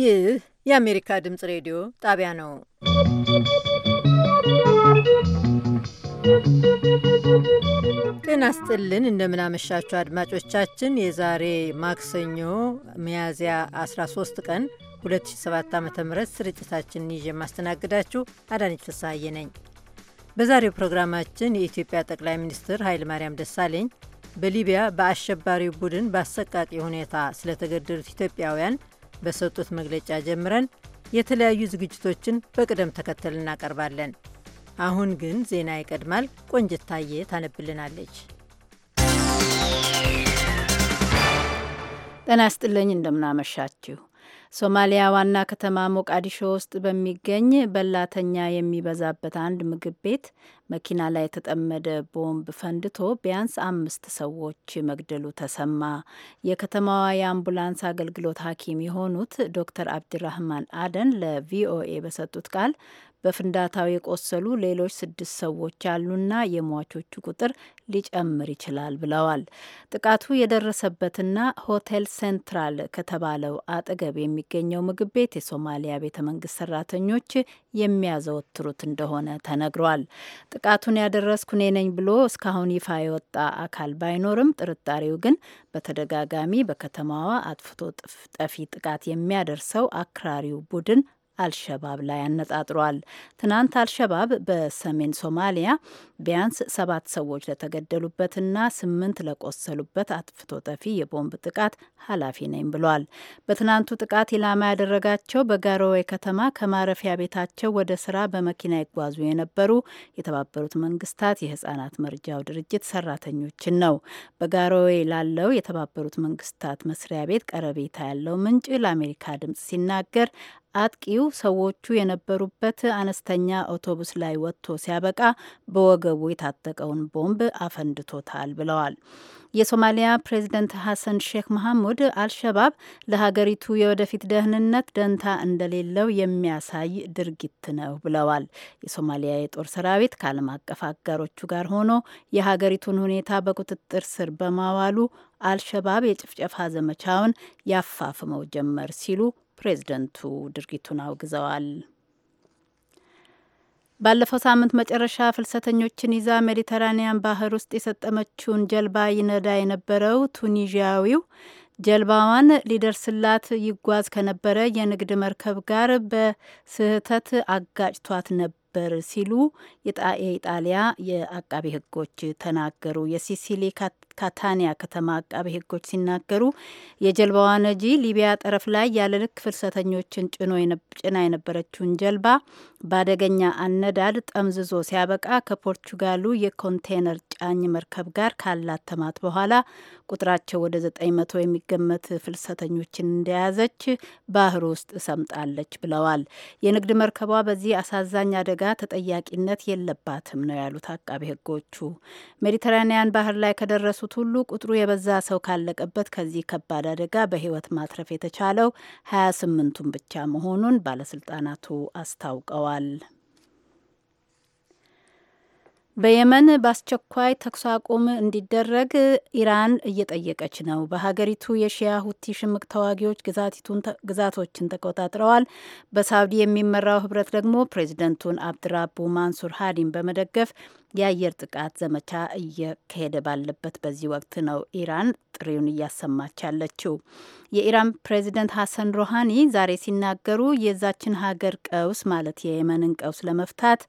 ይህ የአሜሪካ ድምፅ ሬዲዮ ጣቢያ ነው። ጤና ስጥልን፣ እንደምናመሻችሁ አድማጮቻችን። የዛሬ ማክሰኞ ሚያዝያ 13 ቀን 2007 ዓ ም ስርጭታችንን ይዤ የማስተናግዳችሁ አዳነች ፍስሐዬ ነኝ። በዛሬው ፕሮግራማችን የኢትዮጵያ ጠቅላይ ሚኒስትር ኃይለማርያም ደሳለኝ በሊቢያ በአሸባሪው ቡድን በአሰቃቂ ሁኔታ ስለተገደሉት ኢትዮጵያውያን በሰጡት መግለጫ ጀምረን የተለያዩ ዝግጅቶችን በቅደም ተከተል እናቀርባለን። አሁን ግን ዜና ይቀድማል። ቆንጅታየ ታነብልናለች። ጤና ይስጥልኝ፣ እንደምናመሻችሁ። ሶማሊያ ዋና ከተማ ሞቃዲሾ ውስጥ በሚገኝ በላተኛ የሚበዛበት አንድ ምግብ ቤት መኪና ላይ የተጠመደ ቦምብ ፈንድቶ ቢያንስ አምስት ሰዎች መግደሉ ተሰማ። የከተማዋ የአምቡላንስ አገልግሎት ሐኪም የሆኑት ዶክተር አብድራህማን አደን ለቪኦኤ በሰጡት ቃል በፍንዳታው የቆሰሉ ሌሎች ስድስት ሰዎች አሉና የሟቾቹ ቁጥር ሊጨምር ይችላል ብለዋል። ጥቃቱ የደረሰበትና ሆቴል ሴንትራል ከተባለው አጠገብ የሚገኘው ምግብ ቤት የሶማሊያ ቤተ መንግስት ሰራተኞች የሚያዘወትሩት እንደሆነ ተነግሯል። ጥቃቱን ያደረስኩ እኔ ነኝ ብሎ እስካሁን ይፋ የወጣ አካል ባይኖርም ጥርጣሬው ግን በተደጋጋሚ በከተማዋ አጥፍቶ ጠፊ ጥቃት የሚያደርሰው አክራሪው ቡድን አልሸባብ ላይ አነጣጥሯል። ትናንት አልሸባብ በሰሜን ሶማሊያ ቢያንስ ሰባት ሰዎች ለተገደሉበትና ስምንት ለቆሰሉበት አጥፍቶ ጠፊ የቦምብ ጥቃት ኃላፊ ነኝ ብሏል። በትናንቱ ጥቃት ኢላማ ያደረጋቸው በጋሮዌ ከተማ ከማረፊያ ቤታቸው ወደ ስራ በመኪና ይጓዙ የነበሩ የተባበሩት መንግስታት የህጻናት መርጃው ድርጅት ሰራተኞችን ነው። በጋሮዌ ላለው የተባበሩት መንግስታት መስሪያ ቤት ቀረቤታ ያለው ምንጭ ለአሜሪካ ድምጽ ሲናገር አጥቂው ሰዎቹ የነበሩበት አነስተኛ አውቶቡስ ላይ ወጥቶ ሲያበቃ በወገቡ የታጠቀውን ቦምብ አፈንድቶታል ብለዋል። የሶማሊያ ፕሬዚደንት ሐሰን ሼክ መሐሙድ አልሸባብ ለሀገሪቱ የወደፊት ደህንነት ደንታ እንደሌለው የሚያሳይ ድርጊት ነው ብለዋል። የሶማሊያ የጦር ሰራዊት ከዓለም አቀፍ አጋሮቹ ጋር ሆኖ የሀገሪቱን ሁኔታ በቁጥጥር ስር በማዋሉ አልሸባብ የጭፍጨፋ ዘመቻውን ያፋፍመው ጀመር ሲሉ ፕሬዝደንቱ ድርጊቱን አውግዘዋል። ባለፈው ሳምንት መጨረሻ ፍልሰተኞችን ይዛ ሜዲተራኒያን ባህር ውስጥ የሰጠመችውን ጀልባ ይነዳ የነበረው ቱኒዥያዊው ጀልባዋን ሊደርስላት ይጓዝ ከነበረ የንግድ መርከብ ጋር በስህተት አጋጭቷት ነበር። ነበር ሲሉ የኢጣሊያ የአቃቤ ሕጎች ተናገሩ። የሲሲሊ ካታኒያ ከተማ አቃቤ ሕጎች ሲናገሩ የጀልባዋ ነጂ ሊቢያ ጠረፍ ላይ ያለ ልክ ፍልሰተኞችን ጭና የነበረችውን ጀልባ በአደገኛ አነዳድ ጠምዝዞ ሲያበቃ ከፖርቹጋሉ የኮንቴነር ጫኝ መርከብ ጋር ካላት ተማት በኋላ ቁጥራቸው ወደ ዘጠኝ መቶ የሚገመት ፍልሰተኞችን እንደያዘች ባህር ውስጥ ሰምጣለች ብለዋል። የንግድ መርከቧ በዚህ አሳዛኝ አደጋ ተጠያቂነት የለባትም ነው ያሉት አቃቤ ሕጎቹ ሜዲተራኒያን ባህር ላይ ከደረሱት ሁሉ ቁጥሩ የበዛ ሰው ካለቀበት ከዚህ ከባድ አደጋ በህይወት ማትረፍ የተቻለው ሀያ ስምንቱን ብቻ መሆኑን ባለስልጣናቱ አስታውቀዋል። በየመን በአስቸኳይ ተኩስ አቁም እንዲደረግ ኢራን እየጠየቀች ነው። በሀገሪቱ የሺያ ሁቲ ሽምቅ ተዋጊዎች ግዛቶችን ተቆጣጥረዋል። በሳውዲ የሚመራው ህብረት ደግሞ ፕሬዚደንቱን አብድራቡ ማንሱር ሀዲን በመደገፍ የአየር ጥቃት ዘመቻ እየካሄደ ባለበት በዚህ ወቅት ነው ኢራን ጥሪውን እያሰማች ያለችው። የኢራን ፕሬዚደንት ሀሰን ሮሃኒ ዛሬ ሲናገሩ የዛችን ሀገር ቀውስ ማለት የየመንን ቀውስ ለመፍታት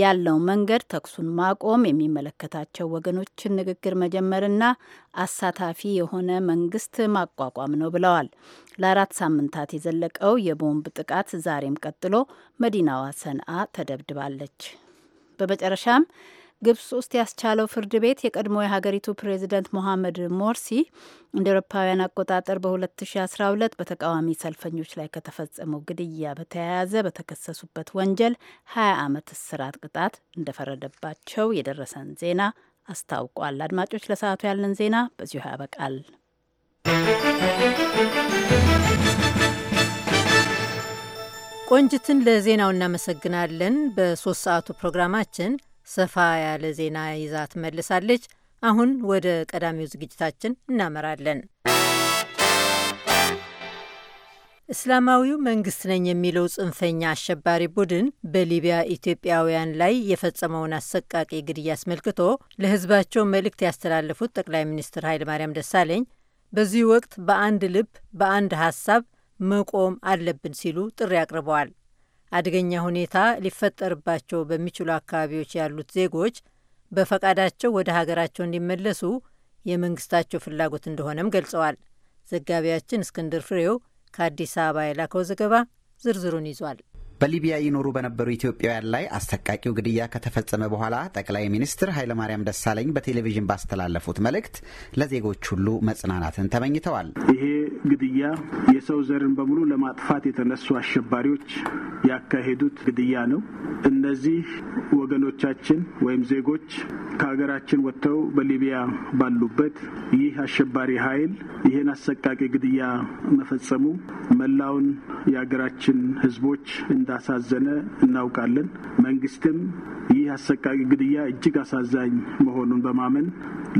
ያለው መንገድ ተኩሱን ማቆም፣ የሚመለከታቸው ወገኖችን ንግግር መጀመርና አሳታፊ የሆነ መንግስት ማቋቋም ነው ብለዋል። ለአራት ሳምንታት የዘለቀው የቦምብ ጥቃት ዛሬም ቀጥሎ መዲናዋ ሰንአ ተደብድባለች። በመጨረሻም ግብጽ ውስጥ ያስቻለው ፍርድ ቤት የቀድሞ የሀገሪቱ ፕሬዚደንት ሞሐመድ ሞርሲ እንደ ኤሮፓውያን አቆጣጠር በ2012 በተቃዋሚ ሰልፈኞች ላይ ከተፈጸመው ግድያ በተያያዘ በተከሰሱበት ወንጀል 20 ዓመት እስራት ቅጣት እንደፈረደባቸው የደረሰን ዜና አስታውቋል። አድማጮች፣ ለሰዓቱ ያለን ዜና በዚሁ ያበቃል። ቆንጅትን ለዜናው እናመሰግናለን። በሶስት ሰዓቱ ፕሮግራማችን ሰፋ ያለ ዜና ይዛ ትመልሳለች። አሁን ወደ ቀዳሚው ዝግጅታችን እናመራለን። እስላማዊው መንግስት ነኝ የሚለው ጽንፈኛ አሸባሪ ቡድን በሊቢያ ኢትዮጵያውያን ላይ የፈጸመውን አሰቃቂ ግድያ አስመልክቶ ለህዝባቸው መልእክት ያስተላለፉት ጠቅላይ ሚኒስትር ኃይለማርያም ደሳለኝ በዚህ ወቅት በአንድ ልብ፣ በአንድ ሀሳብ መቆም አለብን ሲሉ ጥሪ አቅርበዋል። አደገኛ ሁኔታ ሊፈጠርባቸው በሚችሉ አካባቢዎች ያሉት ዜጎች በፈቃዳቸው ወደ ሀገራቸው እንዲመለሱ የመንግስታቸው ፍላጎት እንደሆነም ገልጸዋል። ዘጋቢያችን እስክንድር ፍሬው ከአዲስ አበባ የላከው ዘገባ ዝርዝሩን ይዟል። በሊቢያ ይኖሩ በነበሩ ኢትዮጵያውያን ላይ አሰቃቂው ግድያ ከተፈጸመ በኋላ ጠቅላይ ሚኒስትር ኃይለማርያም ደሳለኝ በቴሌቪዥን ባስተላለፉት መልእክት ለዜጎች ሁሉ መጽናናትን ተመኝተዋል። ይሄ ግድያ የሰው ዘርን በሙሉ ለማጥፋት የተነሱ አሸባሪዎች ያካሄዱት ግድያ ነው። እነዚህ ወገኖቻችን ወይም ዜጎች ከሀገራችን ወጥተው በሊቢያ ባሉበት ይህ አሸባሪ ኃይል ይህን አሰቃቂ ግድያ መፈጸሙ መላውን የሀገራችን ሕዝቦች እንዳሳዘነ እናውቃለን። መንግስትም ይህ አሰቃቂ ግድያ እጅግ አሳዛኝ መሆኑን በማመን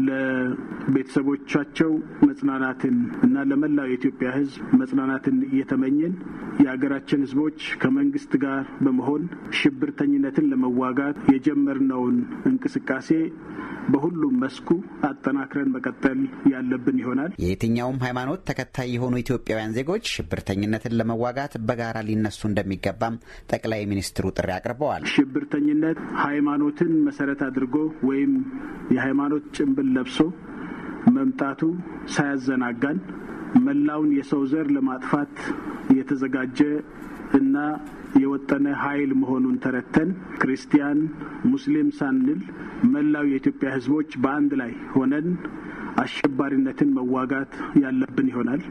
ለቤተሰቦቻቸው መጽናናትን እና ለመላው የኢትዮጵያ ሕዝብ መጽናናትን እየተመኘን የሀገራችን ሕዝቦች ከመንግስት ጋር በመሆን ሽብርተኝነትን ለመዋጋት የጀመርነውን እንቅስቃሴ በሁሉም መስኩ አጠናክረን መቀጠል ያለብን ይሆናል። የየትኛውም ሃይማኖት ተከታይ የሆኑ ኢትዮጵያውያን ዜጎች ሽብርተኝነትን ለመዋጋት በጋራ ሊነሱ እንደሚገባም ጠቅላይ ሚኒስትሩ ጥሪ አቅርበዋል። ሽብርተኝነት ሃይማኖትን መሰረት አድርጎ ወይም የሃይማኖት ጭንብል ለብሶ መምጣቱ ሳያዘናጋን መላውን የሰው ዘር ለማጥፋት የተዘጋጀ እና የወጠነ ኃይል መሆኑን ተረተን ክርስቲያን፣ ሙስሊም ሳንል መላው የኢትዮጵያ ሕዝቦች በአንድ ላይ ሆነን አሸባሪነትን መዋጋት ያለብን ይሆናል።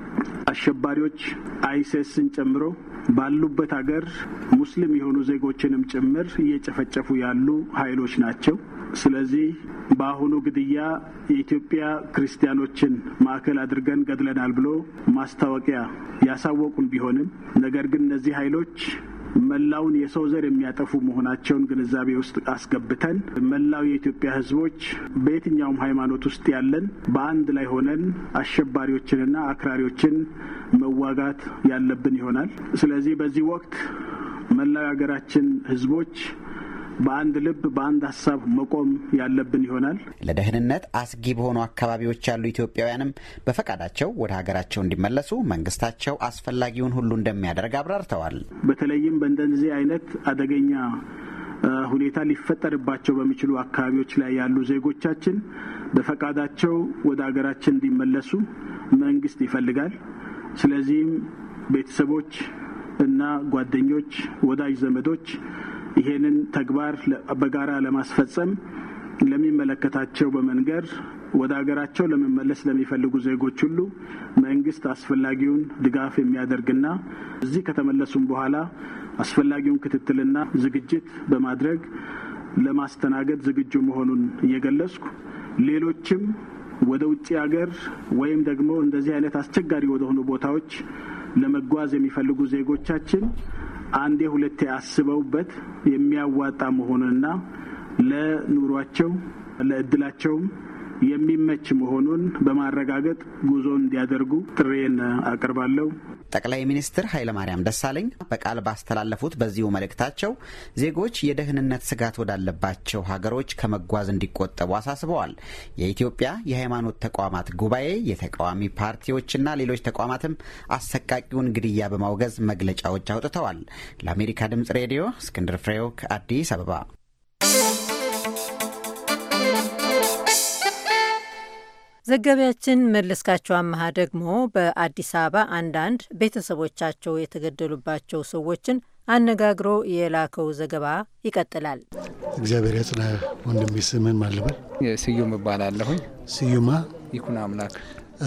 አሸባሪዎች አይሴስን ጨምሮ ባሉበት ሀገር ሙስሊም የሆኑ ዜጎችንም ጭምር እየጨፈጨፉ ያሉ ኃይሎች ናቸው። ስለዚህ በአሁኑ ግድያ የኢትዮጵያ ክርስቲያኖችን ማዕከል አድርገን ገድለናል ብሎ ማስታወቂያ ያሳወቁን ቢሆንም ነገር ግን እነዚህ ኃይሎች መላውን የሰው ዘር የሚያጠፉ መሆናቸውን ግንዛቤ ውስጥ አስገብተን መላው የኢትዮጵያ ሕዝቦች በየትኛውም ሃይማኖት ውስጥ ያለን በአንድ ላይ ሆነን አሸባሪዎችንና አክራሪዎችን መዋጋት ያለብን ይሆናል። ስለዚህ በዚህ ወቅት መላው የሀገራችን ሕዝቦች በአንድ ልብ በአንድ ሀሳብ መቆም ያለብን ይሆናል። ለደህንነት አስጊ በሆኑ አካባቢዎች ያሉ ኢትዮጵያውያንም በፈቃዳቸው ወደ ሀገራቸው እንዲመለሱ መንግስታቸው አስፈላጊውን ሁሉ እንደሚያደርግ አብራርተዋል። በተለይም በእንደዚህ አይነት አደገኛ ሁኔታ ሊፈጠርባቸው በሚችሉ አካባቢዎች ላይ ያሉ ዜጎቻችን በፈቃዳቸው ወደ ሀገራችን እንዲመለሱ መንግስት ይፈልጋል። ስለዚህም ቤተሰቦች እና ጓደኞች፣ ወዳጅ ዘመዶች ይሄንን ተግባር በጋራ ለማስፈጸም ለሚመለከታቸው በመንገር ወደ ሀገራቸው ለመመለስ ለሚፈልጉ ዜጎች ሁሉ መንግስት አስፈላጊውን ድጋፍ የሚያደርግና እዚህ ከተመለሱም በኋላ አስፈላጊውን ክትትልና ዝግጅት በማድረግ ለማስተናገድ ዝግጁ መሆኑን እየገለጽኩ ሌሎችም ወደ ውጭ ሀገር ወይም ደግሞ እንደዚህ አይነት አስቸጋሪ ወደሆኑ ቦታዎች ለመጓዝ የሚፈልጉ ዜጎቻችን አንዴ ሁለቴ አስበውበት የሚያዋጣ መሆኑንና ለኑሯቸው ለእድላቸውም የሚመች መሆኑን በማረጋገጥ ጉዞ እንዲያደርጉ ጥሬን አቀርባለሁ። ጠቅላይ ሚኒስትር ኃይለማርያም ደሳለኝ በቃል ባስተላለፉት በዚሁ መልእክታቸው ዜጎች የደህንነት ስጋት ወዳለባቸው ሀገሮች ከመጓዝ እንዲቆጠቡ አሳስበዋል። የኢትዮጵያ የሃይማኖት ተቋማት ጉባኤ፣ የተቃዋሚ ፓርቲዎችና ሌሎች ተቋማትም አሰቃቂውን ግድያ በማውገዝ መግለጫዎች አውጥተዋል። ለአሜሪካ ድምጽ ሬዲዮ እስክንድር ፍሬው ከአዲስ አበባ ዘጋቢያችን መለስካቸው አመሃ ደግሞ በአዲስ አበባ አንዳንድ ቤተሰቦቻቸው የተገደሉባቸው ሰዎችን አነጋግሮ የላከው ዘገባ ይቀጥላል። እግዚአብሔር ያጽና ወንድሜ። ስምን ማን ስዩም እባላለሁኝ። ስዩማ ይኩን አምላክ።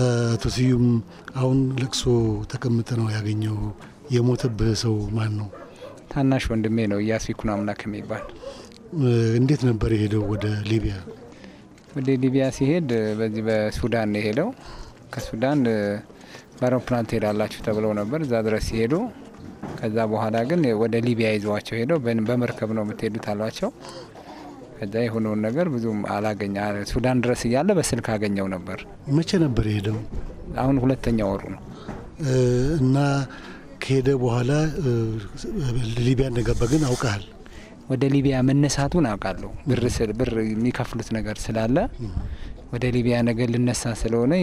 አቶ ስዩም፣ አሁን ለቅሶ ተቀምጠ ነው ያገኘው። የሞተብህ ሰው ማን ነው? ታናሽ ወንድሜ ነው፣ እያሱ ይኩን አምላክ የሚባል። እንዴት ነበር የሄደው ወደ ሊቢያ? ወደ ሊቢያ ሲሄድ በዚህ በሱዳን ነው የሄደው። ከሱዳን በአውሮፕላን ትሄዳላችሁ ተብለው ነበር እዛ ድረስ ሲሄዱ ከዛ በኋላ ግን ወደ ሊቢያ ይዘዋቸው ሄደው በመርከብ ነው የምትሄዱት አሏቸው። ከዛ የሆነውን ነገር ብዙም አላገኘ ሱዳን ድረስ እያለ በስልክ አገኘው ነበር። መቼ ነበር የሄደው? አሁን ሁለተኛ ወሩ ነው። እና ከሄደ በኋላ ሊቢያ እንደገባ ግን አውቀሃል? ወደ ሊቢያ መነሳቱን አውቃለሁ። ብር ብር የሚከፍሉት ነገር ስላለ ወደ ሊቢያ ነገር ልነሳ ስለሆነ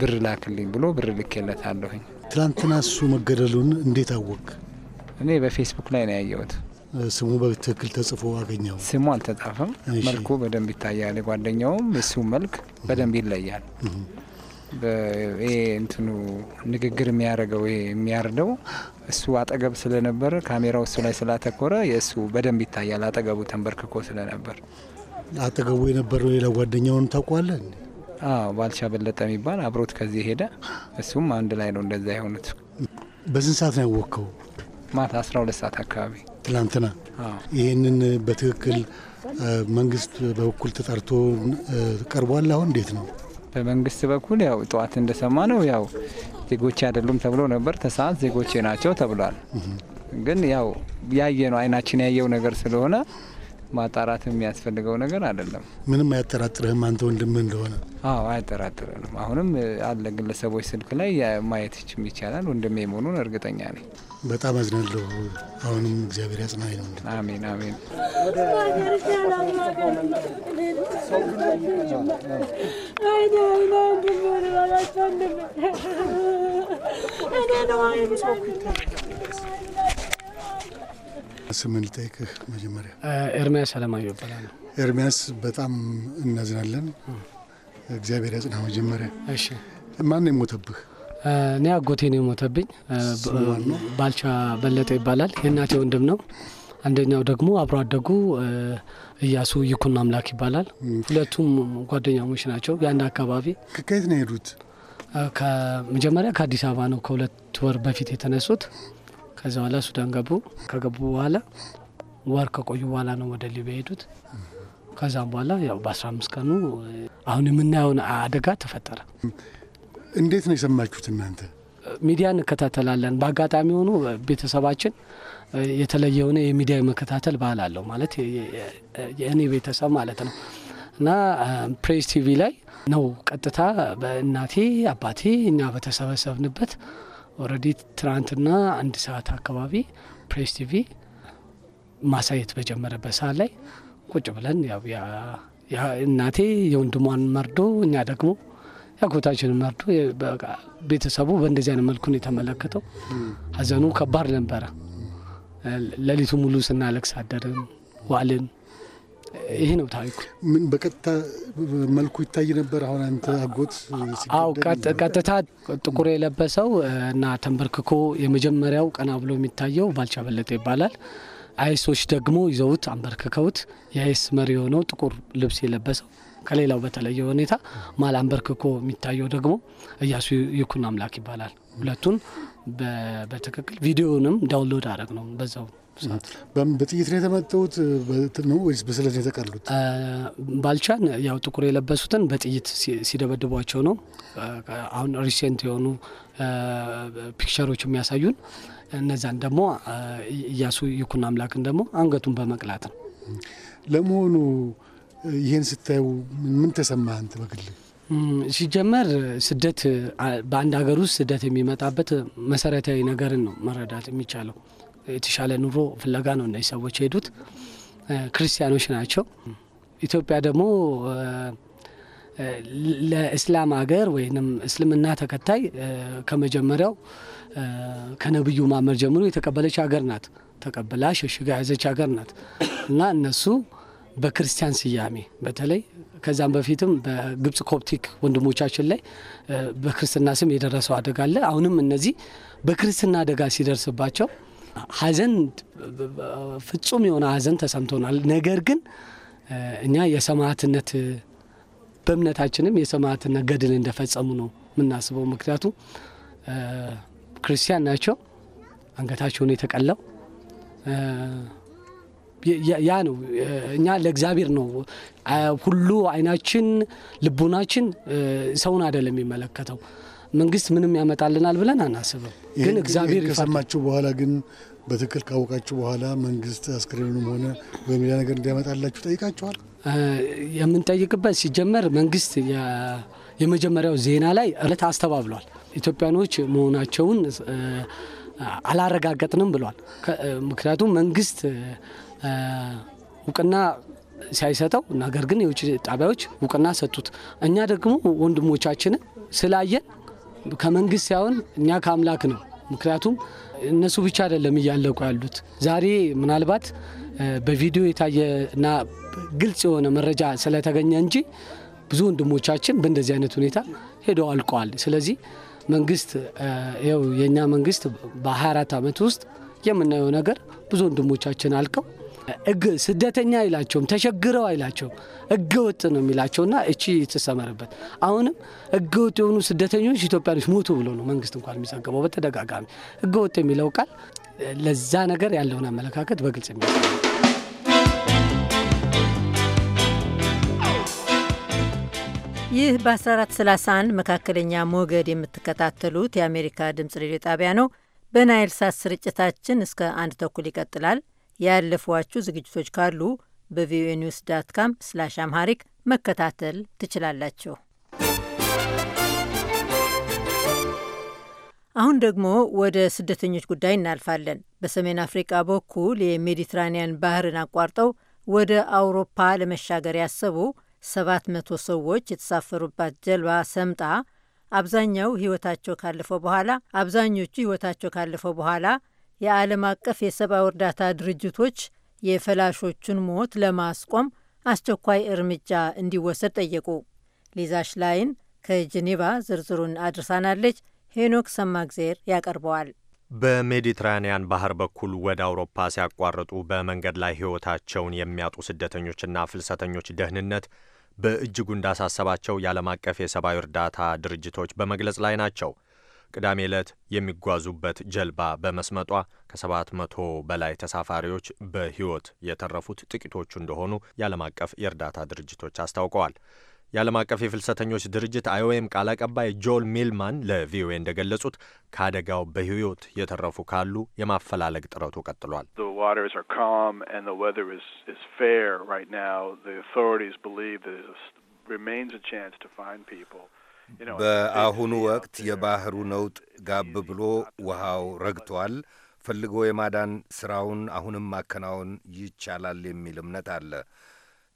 ብር ላክልኝ ብሎ ብር ልኬለታለሁኝ። ትላንትና እሱ መገደሉን እንዴት አወቅ? እኔ በፌስቡክ ላይ ነው ያየሁት። ስሙ በትክክል ተጽፎ አገኘው? ስሙ አልተጻፈም። መልኩ በደንብ ይታያል። ጓደኛውም እሱ መልክ በደንብ ይለያል። እንትኑ ንግግር የሚያደርገው የሚያርደው እሱ አጠገብ ስለነበረ ካሜራው እሱ ላይ ስላተኮረ የእሱ በደንብ ይታያል። አጠገቡ ተንበርክኮ ስለነበር አጠገቡ የነበረው ሌላ ጓደኛውን ታውቋለህ? አዎ፣ ባልቻ በለጠ የሚባል አብሮት ከዚህ ሄደ። እሱም አንድ ላይ ነው እንደዛ የሆኑት። በስንት ሰዓት ነው ያወቅከው? ማታ 12 ሰዓት አካባቢ ትላንትና። ይህንን በትክክል መንግስት በኩል ተጠርቶ ቀርቧል። አሁን እንዴት ነው በመንግስት በኩል ያው ጠዋት እንደሰማ ነው ያው ዜጎቼ አይደሉም ተብሎ ነበር። ተሰዓት ዜጎቼ ናቸው ተብሏል። ግን ያው ያየ ነው አይናችን ያየው ነገር ስለሆነ ማጣራት የሚያስፈልገው ነገር አይደለም። ምንም አያጠራጥርህም አንተ ወንድም እንደሆነ? አዎ አያጠራጥርንም። አሁንም አለ ግለሰቦች ስልክ ላይ ማየት ይቻላል። ወንድሜ መሆኑን እርግጠኛ ነኝ። በጣም አዝናለሁ። አሁንም እግዚአብሔር ያጽናኝ ነው። አሜን አሜን። እኔ ነው ስምን ልጠይቅህ። መጀመሪያ ኤርሚያስ አለማየሁ ይባላል። ኤርሚያስ በጣም እናዝናለን። እግዚአብሔር ያጽና። መጀመሪያ እሺ፣ ማን የሞተብህ? እኔ አጎቴ ነው የሞተብኝ። ባልቻ በለጠ ይባላል። የእናቴ ወንድም ነው። አንደኛው ደግሞ አብሮ አደጉ እያሱ ይኩን አምላክ ይባላል። ሁለቱም ጓደኛሞች ናቸው፣ የአንድ አካባቢ። ከየት ነው የሄዱት? ከመጀመሪያ ከአዲስ አበባ ነው ከሁለት ወር በፊት የተነሱት። ከዚ በኋላ ሱዳን ገቡ። ከገቡ በኋላ ወር ከቆዩ በኋላ ነው ወደ ሊቢያ ሄዱት። ከዛም በኋላ ያው በአስራ አምስት ቀኑ አሁን የምናየውን አደጋ ተፈጠረ። እንዴት ነው የሰማችሁት እናንተ? ሚዲያ እንከታተላለን። በአጋጣሚ ሆኖ ቤተሰባችን የተለየ የሆነ የሚዲያ መከታተል ባህል አለው ማለት የእኔ ቤተሰብ ማለት ነው እና ፕሬስ ቲቪ ላይ ነው ቀጥታ በእናቴ አባቴ እኛ በተሰበሰብንበት ኦረዲ ትናንትና አንድ ሰዓት አካባቢ ፕሬስ ቲቪ ማሳየት በጀመረበት ሰዓት ላይ ቁጭ ብለን እናቴ የወንድሟን መርዶ እኛ ደግሞ ያጎታችንን መርዶ ቤተሰቡ በእንደዚህ አይነት መልኩ ነው የተመለከተው። ሀዘኑ ከባድ ነበረ። ለሊቱ ሙሉ ስናለቅስ አደርን ዋልን። ይሄ ነው ታሪኩ። ምን በቀጥታ መልኩ ይታይ ነበር? አሁን አንተ አጎት? አው ቀጥታ ጥቁር የለበሰው እና ተንበርክኮ የመጀመሪያው ቀና ብሎ የሚታየው ባልቻ በለጠ ይባላል። አይሶች ደግሞ ይዘውት አንበርክከውት የአይስ መሪ የሆነው ጥቁር ልብስ የለበሰው ከሌላው በተለየ ሁኔታ ማል አንበርክኮ የሚታየው ደግሞ እያሱ ይኩን አምላክ ይባላል። ሁለቱን በትክክል ቪዲዮንም ዳውንሎድ አድረግ ነው በዛው በጥይት ነው የተመጡት ነው ወይስ በስለት ነው የተቀሉት? ባልቻን ያው ጥቁር የለበሱትን በጥይት ሲደበድቧቸው ነው። አሁን ሪሴንት የሆኑ ፒክቸሮች የሚያሳዩን እነዛን ደግሞ እያሱ ይኩን አምላክን ደግሞ አንገቱን በመቅላት ነው። ለመሆኑ ይህን ስታዩ ምን ተሰማህ አንተ በግል? ሲጀመር ስደት በአንድ ሀገር ውስጥ ስደት የሚመጣበት መሰረታዊ ነገርን ነው መረዳት የሚቻለው የተሻለ ኑሮ ፍለጋ ነው እነዚህ ሰዎች የሄዱት። ክርስቲያኖች ናቸው። ኢትዮጵያ ደግሞ ለእስላም ሀገር ወይም እስልምና ተከታይ ከመጀመሪያው ከነብዩ ማመር ጀምሮ የተቀበለች ሀገር ናት። ተቀብላ ሸሽጋ ያዘች ሀገር ናት እና እነሱ በክርስቲያን ስያሜ በተለይ ከዛም በፊትም በግብጽ ኮፕቲክ ወንድሞቻችን ላይ በክርስትና ስም የደረሰው አደጋ አለ። አሁንም እነዚህ በክርስትና አደጋ ሲደርስባቸው ሀዘን ፍጹም የሆነ ሀዘን ተሰምቶናል። ነገር ግን እኛ የሰማዕትነት በእምነታችንም የሰማዕትነት ገድል እንደፈጸሙ ነው የምናስበው። ምክንያቱም ክርስቲያን ናቸው። አንገታቸውን የተቀላው ያ ነው። እኛ ለእግዚአብሔር ነው ሁሉ አይናችን፣ ልቡናችን ሰውን አይደለም የሚመለከተው። መንግስት ምንም ያመጣልናል ብለን አናስብም። ግን እግዚአብሔር ከሰማችሁ በኋላ ግን በትክክል ካወቃችሁ በኋላ መንግስት አስክሬኑም ሆነ ወይም ሌላ ነገር እንዲያመጣላችሁ ጠይቃችኋል? የምንጠይቅበት ሲጀመር መንግስት የመጀመሪያው ዜና ላይ እለት አስተባብሏል። ኢትዮጵያኖች መሆናቸውን አላረጋገጥንም ብሏል። ምክንያቱም መንግስት እውቅና ሳይሰጠው ነገር ግን የውጭ ጣቢያዎች እውቅና ሰጡት። እኛ ደግሞ ወንድሞቻችንን ስላየን ከመንግስት ሳይሆን እኛ ከአምላክ ነው። ምክንያቱም እነሱ ብቻ አይደለም እያለቁ ያሉት። ዛሬ ምናልባት በቪዲዮ የታየና ግልጽ የሆነ መረጃ ስለተገኘ እንጂ ብዙ ወንድሞቻችን በእንደዚህ አይነት ሁኔታ ሄደው አልቀዋል። ስለዚህ መንግስት ው የእኛ መንግስት በ24 ዓመት ውስጥ የምናየው ነገር ብዙ ወንድሞቻችን አልቀው ስደተኛ አይላቸውም፣ ተቸግረው አይላቸውም፣ ወጥ ነው የሚላቸውና እቺ የተሰመረበት አሁንም ወጥ የሆኑ ስደተኞች ኢትዮጵያኖች ሞቱ ብሎ ነው መንግስት እንኳን የሚዘገበው በተደጋጋሚ ህገወጥ የሚለው ቃል ለዛ ነገር ያለውን አመለካከት በግልጽ የሚ ይህ በ1431 መካከለኛ ሞገድ የምትከታተሉት የአሜሪካ ድምፅ ሬዲዮ ጣቢያ ነው። በናይል ሳት ስርጭታችን እስከ አንድ ተኩል ይቀጥላል። ያለፏችሁ ዝግጅቶች ካሉ በቪኦኤ ኒውስ ዳት ካም ስላሽ አምሃሪክ መከታተል ትችላላችሁ። አሁን ደግሞ ወደ ስደተኞች ጉዳይ እናልፋለን። በሰሜን አፍሪቃ በኩል የሜዲትራኒያን ባህርን አቋርጠው ወደ አውሮፓ ለመሻገር ያሰቡ 700 ሰዎች የተሳፈሩባት ጀልባ ሰምጣ አብዛኛው ህይወታቸው ካለፈው በኋላ አብዛኞቹ ህይወታቸው ካለፈው በኋላ የዓለም አቀፍ የሰብአዊ እርዳታ ድርጅቶች የፈላሾቹን ሞት ለማስቆም አስቸኳይ እርምጃ እንዲወሰድ ጠየቁ። ሊዛ ሽላይን ከጄኔቫ ዝርዝሩን አድርሳናለች። ሄኖክ ሰማግዜር ያቀርበዋል። በሜዲትራንያን ባህር በኩል ወደ አውሮፓ ሲያቋርጡ በመንገድ ላይ ሕይወታቸውን የሚያጡ ስደተኞችና ፍልሰተኞች ደህንነት በእጅጉ እንዳሳሰባቸው የዓለም አቀፍ የሰብአዊ እርዳታ ድርጅቶች በመግለጽ ላይ ናቸው። ቅዳሜ ዕለት የሚጓዙበት ጀልባ በመስመጧ ከሰባት መቶ በላይ ተሳፋሪዎች በሕይወት የተረፉት ጥቂቶቹ እንደሆኑ የዓለም አቀፍ የእርዳታ ድርጅቶች አስታውቀዋል። የዓለም አቀፍ የፍልሰተኞች ድርጅት አይኦኤም ቃል አቀባይ ጆል ሚልማን ለቪኦኤ እንደገለጹት ከአደጋው በሕይወት የተረፉ ካሉ የማፈላለግ ጥረቱ ቀጥሏል። በአሁኑ ወቅት የባህሩ ነውጥ ጋብ ብሎ ውሃው ረግቷል። ፈልጎ የማዳን ስራውን አሁንም ማከናወን ይቻላል የሚል እምነት አለ።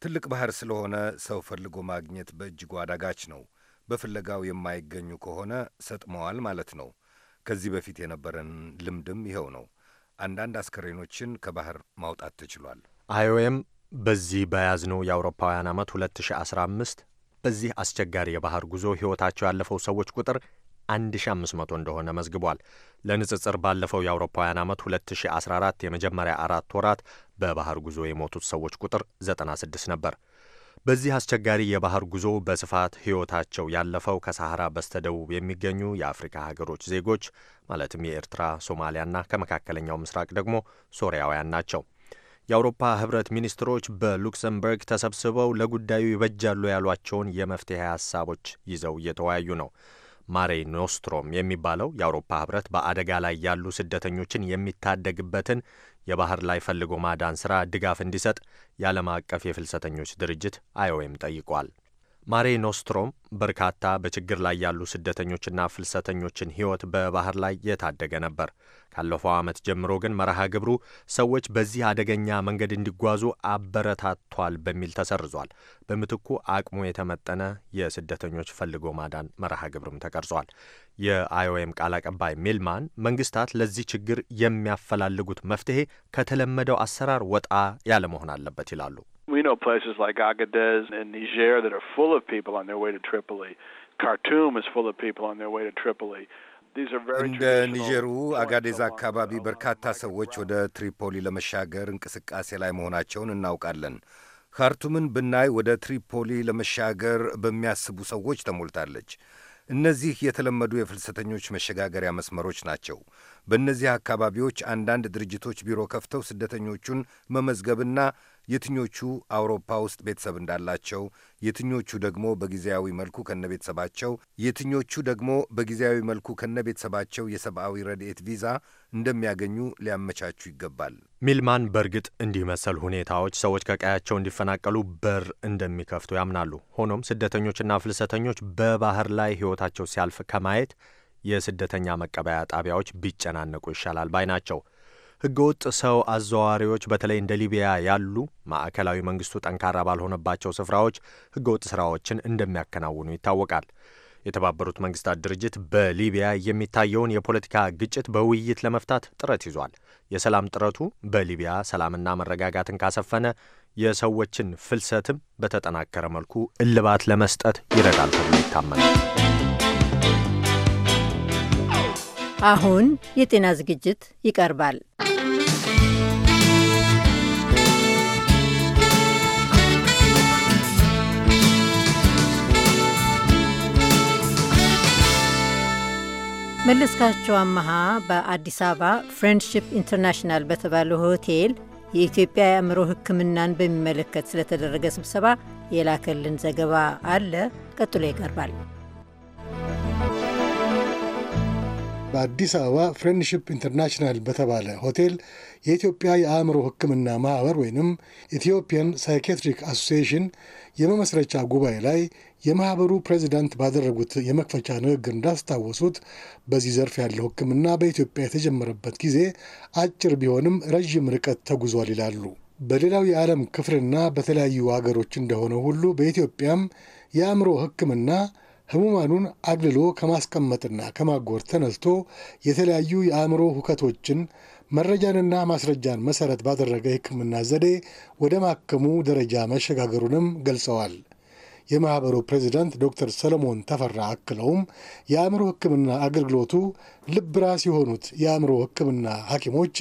ትልቅ ባህር ስለሆነ ሰው ፈልጎ ማግኘት በእጅጉ አዳጋች ነው። በፍለጋው የማይገኙ ከሆነ ሰጥመዋል ማለት ነው። ከዚህ በፊት የነበረን ልምድም ይኸው ነው። አንዳንድ አስከሬኖችን ከባህር ማውጣት ተችሏል። አይኦኤም በዚህ በያዝነው የአውሮፓውያን ዓመት 2015 በዚህ አስቸጋሪ የባህር ጉዞ ሕይወታቸው ያለፈው ሰዎች ቁጥር 1500 እንደሆነ መዝግቧል። ለንጽጽር ባለፈው የአውሮፓውያን ዓመት 2014 የመጀመሪያ አራት ወራት በባህር ጉዞ የሞቱት ሰዎች ቁጥር 96 ነበር። በዚህ አስቸጋሪ የባህር ጉዞ በስፋት ሕይወታቸው ያለፈው ከሳህራ በስተደቡብ የሚገኙ የአፍሪካ ሀገሮች ዜጎች ማለትም የኤርትራ፣ ሶማሊያና ከመካከለኛው ምስራቅ ደግሞ ሶሪያውያን ናቸው። የአውሮፓ ህብረት ሚኒስትሮች በሉክሰምበርግ ተሰብስበው ለጉዳዩ ይበጃሉ ያሏቸውን የመፍትሄ ሀሳቦች ይዘው እየተወያዩ ነው። ማሬ ኖስትሮም የሚባለው የአውሮፓ ህብረት በአደጋ ላይ ያሉ ስደተኞችን የሚታደግበትን የባህር ላይ ፈልጎ ማዳን ስራ ድጋፍ እንዲሰጥ የዓለም አቀፍ የፍልሰተኞች ድርጅት አይኦኤም ጠይቋል። ማሬ ኖስትሮም በርካታ በችግር ላይ ያሉ ስደተኞችና ፍልሰተኞችን ሕይወት በባህር ላይ የታደገ ነበር። ካለፈው ዓመት ጀምሮ ግን መርሃ ግብሩ ሰዎች በዚህ አደገኛ መንገድ እንዲጓዙ አበረታቷል በሚል ተሰርዟል። በምትኩ አቅሙ የተመጠነ የስደተኞች ፈልጎ ማዳን መርሃ ግብርም ተቀርጿል። የአይኦኤም ቃል አቀባይ ሜልማን መንግስታት ለዚህ ችግር የሚያፈላልጉት መፍትሄ ከተለመደው አሰራር ወጣ ያለ መሆን አለበት ይላሉ። We know places like Agadez and Niger that are full of people on their way to Tripoli. Khartoum is full of people on their way to Tripoli. እንደ ኒጀሩ አጋዴዝ አካባቢ በርካታ ሰዎች ወደ ትሪፖሊ ለመሻገር እንቅስቃሴ ላይ መሆናቸውን እናውቃለን። ካርቱምን ብናይ ወደ ትሪፖሊ ለመሻገር በሚያስቡ ሰዎች ተሞልታለች። እነዚህ የተለመዱ የፍልሰተኞች መሸጋገሪያ መስመሮች ናቸው። በእነዚህ አካባቢዎች አንዳንድ ድርጅቶች ቢሮ ከፍተው ስደተኞቹን መመዝገብና የትኞቹ አውሮፓ ውስጥ ቤተሰብ እንዳላቸው፣ የትኞቹ ደግሞ በጊዜያዊ መልኩ ከነ ቤተሰባቸው፣ የትኞቹ ደግሞ በጊዜያዊ መልኩ ከነ ቤተሰባቸው የሰብአዊ ረድኤት ቪዛ እንደሚያገኙ ሊያመቻቹ ይገባል። ሚልማን በእርግጥ እንዲህ መሰል ሁኔታዎች ሰዎች ከቀያቸው እንዲፈናቀሉ በር እንደሚከፍቱ ያምናሉ። ሆኖም ስደተኞችና ፍልሰተኞች በባህር ላይ ሕይወታቸው ሲያልፍ ከማየት የስደተኛ መቀበያ ጣቢያዎች ቢጨናነቁ ይሻላል ባይ ናቸው። ህገወጥ ሰው አዘዋዋሪዎች በተለይ እንደ ሊቢያ ያሉ ማዕከላዊ መንግስቱ ጠንካራ ባልሆነባቸው ስፍራዎች ህገወጥ ስራዎችን እንደሚያከናውኑ ይታወቃል። የተባበሩት መንግስታት ድርጅት በሊቢያ የሚታየውን የፖለቲካ ግጭት በውይይት ለመፍታት ጥረት ይዟል። የሰላም ጥረቱ በሊቢያ ሰላምና መረጋጋትን ካሰፈነ የሰዎችን ፍልሰትም በተጠናከረ መልኩ እልባት ለመስጠት ይረዳል ተብሎ ይታመናል። አሁን የጤና ዝግጅት ይቀርባል። መለስካቸው አመሃ በአዲስ አበባ ፍሬንድሺፕ ኢንተርናሽናል በተባለው ሆቴል የኢትዮጵያ የአእምሮ ሕክምናን በሚመለከት ስለተደረገ ስብሰባ የላከልን ዘገባ አለ፣ ቀጥሎ ይቀርባል። በአዲስ አበባ ፍሬንድሽፕ ኢንተርናሽናል በተባለ ሆቴል የኢትዮጵያ የአእምሮ ሕክምና ማህበር ወይንም ኢትዮጵያን ሳይኬትሪክ አሶሲሽን የመመስረቻ ጉባኤ ላይ የማህበሩ ፕሬዚዳንት ባደረጉት የመክፈቻ ንግግር እንዳስታወሱት በዚህ ዘርፍ ያለው ሕክምና በኢትዮጵያ የተጀመረበት ጊዜ አጭር ቢሆንም ረዥም ርቀት ተጉዟል ይላሉ። በሌላው የዓለም ክፍልና በተለያዩ አገሮች እንደሆነ ሁሉ በኢትዮጵያም የአእምሮ ሕክምና ህሙማኑን አግልሎ ከማስቀመጥና ከማጎር ተነስቶ የተለያዩ የአእምሮ ሁከቶችን መረጃንና ማስረጃን መሰረት ባደረገ የሕክምና ዘዴ ወደ ማከሙ ደረጃ መሸጋገሩንም ገልጸዋል። የማኅበሩ ፕሬዚዳንት ዶክተር ሰለሞን ተፈራ አክለውም የአእምሮ ሕክምና አገልግሎቱ ልብ ራስ የሆኑት የአእምሮ ሕክምና ሐኪሞች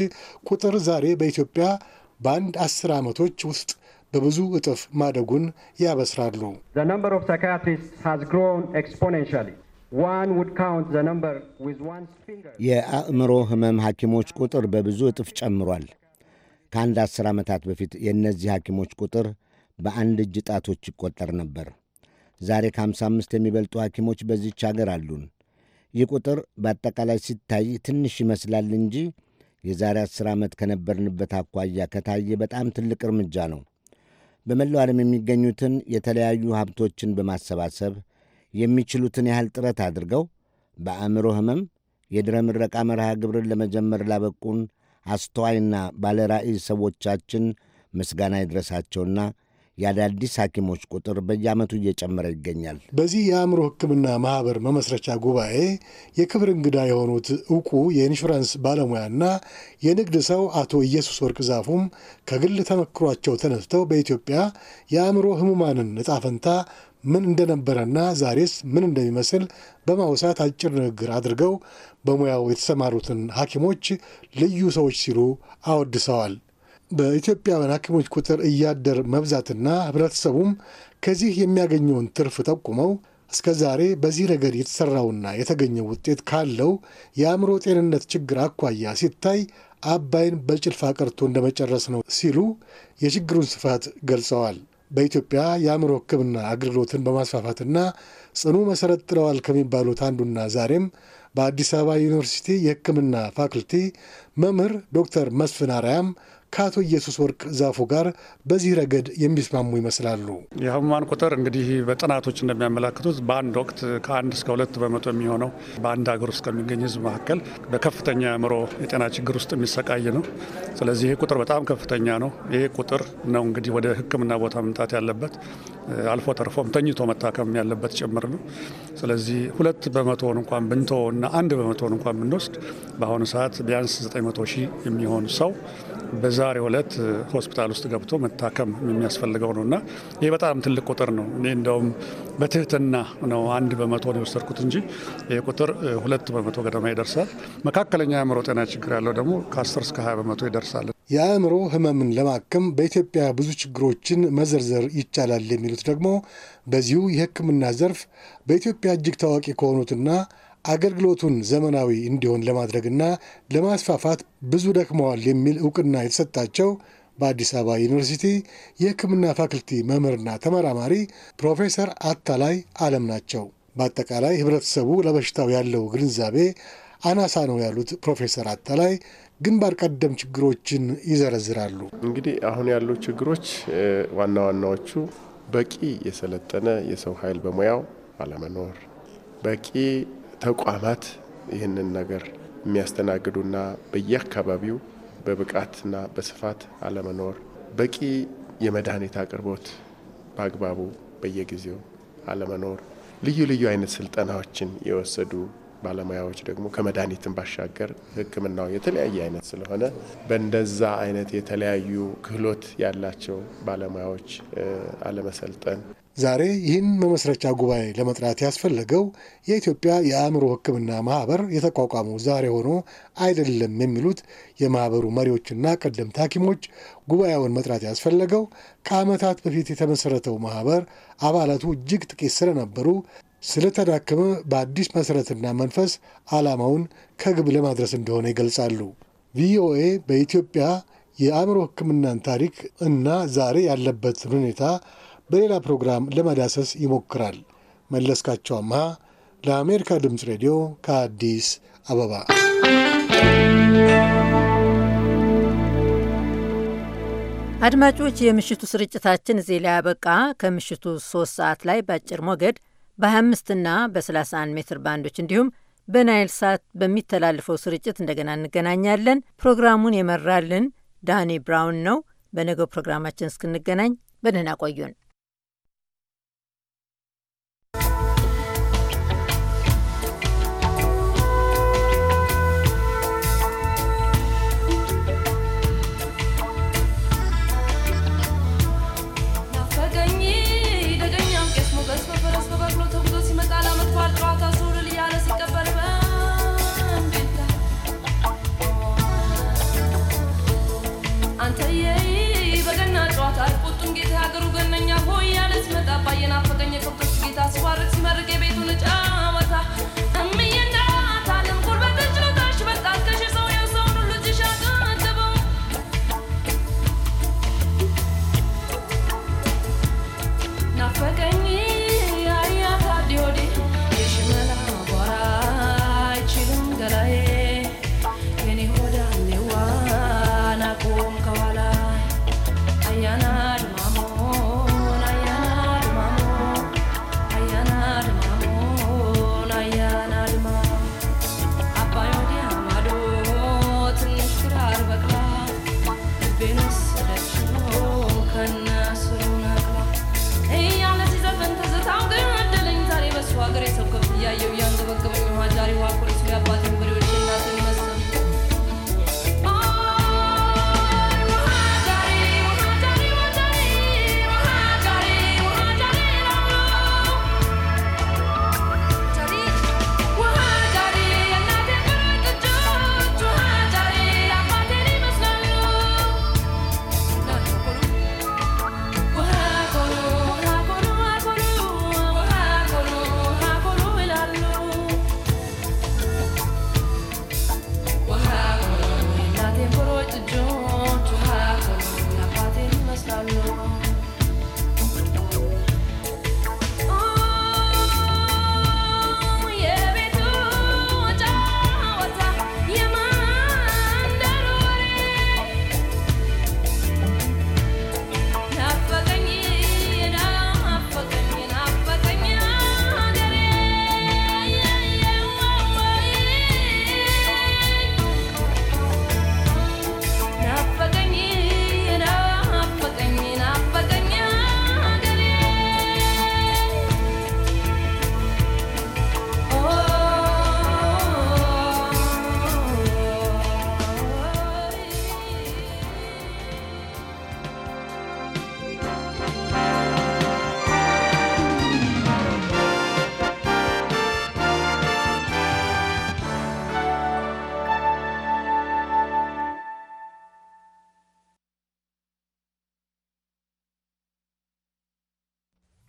ቁጥር ዛሬ በኢትዮጵያ በአንድ አስር ዓመቶች ውስጥ በብዙ እጥፍ ማደጉን ያበስራሉ። የአእምሮ ሕመም ሐኪሞች ቁጥር በብዙ እጥፍ ጨምሯል። ከአንድ ዐሥር ዓመታት በፊት የእነዚህ ሐኪሞች ቁጥር በአንድ እጅ ጣቶች ይቆጠር ነበር። ዛሬ ከ55 የሚበልጡ ሐኪሞች በዚች አገር አሉን። ይህ ቁጥር በአጠቃላይ ሲታይ ትንሽ ይመስላል እንጂ የዛሬ ዐሥር ዓመት ከነበርንበት አኳያ ከታየ በጣም ትልቅ እርምጃ ነው። በመላው ዓለም የሚገኙትን የተለያዩ ሀብቶችን በማሰባሰብ የሚችሉትን ያህል ጥረት አድርገው በአእምሮ ህመም የድረ ምረቃ መርሃ ግብርን ለመጀመር ላበቁን አስተዋይና ባለራዕይ ሰዎቻችን ምስጋና ይድረሳቸውና የአዳዲስ ሐኪሞች ቁጥር በየዓመቱ እየጨመረ ይገኛል። በዚህ የአእምሮ ሕክምና ማኅበር መመስረቻ ጉባኤ የክብር እንግዳ የሆኑት እውቁ የኢንሹራንስ ባለሙያና የንግድ ሰው አቶ ኢየሱስ ወርቅ ዛፉም ከግል ተመክሯቸው ተነስተው በኢትዮጵያ የአእምሮ ህሙማንን ዕጣ ፈንታ ምን እንደነበረና ዛሬስ ምን እንደሚመስል በማውሳት አጭር ንግግር አድርገው በሙያው የተሰማሩትን ሐኪሞች ልዩ ሰዎች ሲሉ አወድሰዋል። በኢትዮጵያውያን ሐኪሞች ቁጥር እያደር መብዛትና ህብረተሰቡም ከዚህ የሚያገኘውን ትርፍ ጠቁመው እስከ ዛሬ በዚህ ረገድ የተሰራውና የተገኘው ውጤት ካለው የአእምሮ ጤንነት ችግር አኳያ ሲታይ አባይን በጭልፋ ቀርቶ እንደመጨረስ ነው ሲሉ የችግሩን ስፋት ገልጸዋል። በኢትዮጵያ የአእምሮ ሕክምና አገልግሎትን በማስፋፋትና ጽኑ መሰረት ጥለዋል ከሚባሉት አንዱና ዛሬም በአዲስ አበባ ዩኒቨርሲቲ የሕክምና ፋኩልቲ መምህር ዶክተር መስፍን አርያም ከአቶ ኢየሱስ ወርቅ ዛፉ ጋር በዚህ ረገድ የሚስማሙ ይመስላሉ። የህሙማን ቁጥር እንግዲህ በጥናቶች እንደሚያመላክቱት በአንድ ወቅት ከአንድ እስከ ሁለት በመቶ የሚሆነው በአንድ ሀገር ውስጥ ከሚገኝ ህዝብ መካከል በከፍተኛ አእምሮ የጤና ችግር ውስጥ የሚሰቃይ ነው። ስለዚህ ይህ ቁጥር በጣም ከፍተኛ ነው። ይሄ ቁጥር ነው እንግዲህ ወደ ህክምና ቦታ መምጣት ያለበት አልፎ ተርፎም ተኝቶ መታከም ያለበት ጭምር ነው። ስለዚህ ሁለት በመቶውን እንኳን ብንቶ እና አንድ በመቶውን እንኳን ብንወስድ በአሁኑ ሰዓት ቢያንስ 900 ሺህ የሚሆን ሰው በዛሬ ዕለት ሆስፒታል ውስጥ ገብቶ መታከም የሚያስፈልገው ነው እና ይህ በጣም ትልቅ ቁጥር ነው። እኔ እንደውም በትህትና ነው አንድ በመቶ ነው የወሰድኩት እንጂ ይህ ቁጥር ሁለት በመቶ ገደማ ይደርሳል። መካከለኛ የአእምሮ ጤና ችግር ያለው ደግሞ ከ10 እስከ 20 በመቶ ይደርሳል። የአእምሮ ህመምን ለማከም በኢትዮጵያ ብዙ ችግሮችን መዘርዘር ይቻላል የሚሉት ደግሞ በዚሁ የህክምና ዘርፍ በኢትዮጵያ እጅግ ታዋቂ ከሆኑትና አገልግሎቱን ዘመናዊ እንዲሆን ለማድረግና ለማስፋፋት ብዙ ደክመዋል የሚል እውቅና የተሰጣቸው በአዲስ አበባ ዩኒቨርሲቲ የሕክምና ፋክልቲ መምህርና ተመራማሪ ፕሮፌሰር አታላይ አለም ናቸው። በአጠቃላይ ህብረተሰቡ ለበሽታው ያለው ግንዛቤ አናሳ ነው ያሉት ፕሮፌሰር አታላይ ግንባር ቀደም ችግሮችን ይዘረዝራሉ። እንግዲህ አሁን ያሉ ችግሮች ዋና ዋናዎቹ በቂ የሰለጠነ የሰው ኃይል በሙያው አለመኖር፣ በቂ ተቋማት ይህንን ነገር የሚያስተናግዱና በየአካባቢው በብቃትና በስፋት አለመኖር፣ በቂ የመድኃኒት አቅርቦት በአግባቡ በየጊዜው አለመኖር፣ ልዩ ልዩ አይነት ስልጠናዎችን የወሰዱ ባለሙያዎች ደግሞ ከመድኃኒትን ባሻገር ሕክምናው የተለያየ አይነት ስለሆነ በእንደዛ አይነት የተለያዩ ክህሎት ያላቸው ባለሙያዎች አለመሰልጠን። ዛሬ ይህን መመስረቻ ጉባኤ ለመጥራት ያስፈለገው የኢትዮጵያ የአእምሮ ሕክምና ማህበር የተቋቋመው ዛሬ ሆኖ አይደለም የሚሉት የማህበሩ መሪዎችና ቀደምት ሐኪሞች ጉባኤውን መጥራት ያስፈለገው ከዓመታት በፊት የተመሰረተው ማህበር አባላቱ እጅግ ጥቂት ስለነበሩ ስለተዳከመ በአዲስ መሠረትና መንፈስ ዓላማውን ከግብ ለማድረስ እንደሆነ ይገልጻሉ። ቪኦኤ በኢትዮጵያ የአእምሮ ሕክምናን ታሪክ እና ዛሬ ያለበትን ሁኔታ በሌላ ፕሮግራም ለመዳሰስ ይሞክራል። መለስካቸው አምሃ ለአሜሪካ ድምፅ ሬዲዮ ከአዲስ አበባ። አድማጮች፣ የምሽቱ ስርጭታችን እዚህ ላይ ያበቃ። ከምሽቱ ሶስት ሰዓት ላይ በአጭር ሞገድ በ25 ና በ31 ሜትር ባንዶች እንዲሁም በናይል ሳት በሚተላልፈው ስርጭት እንደገና እንገናኛለን። ፕሮግራሙን የመራልን ዳኒ ብራውን ነው። በነገው ፕሮግራማችን እስክንገናኝ በደህና ቆዩን።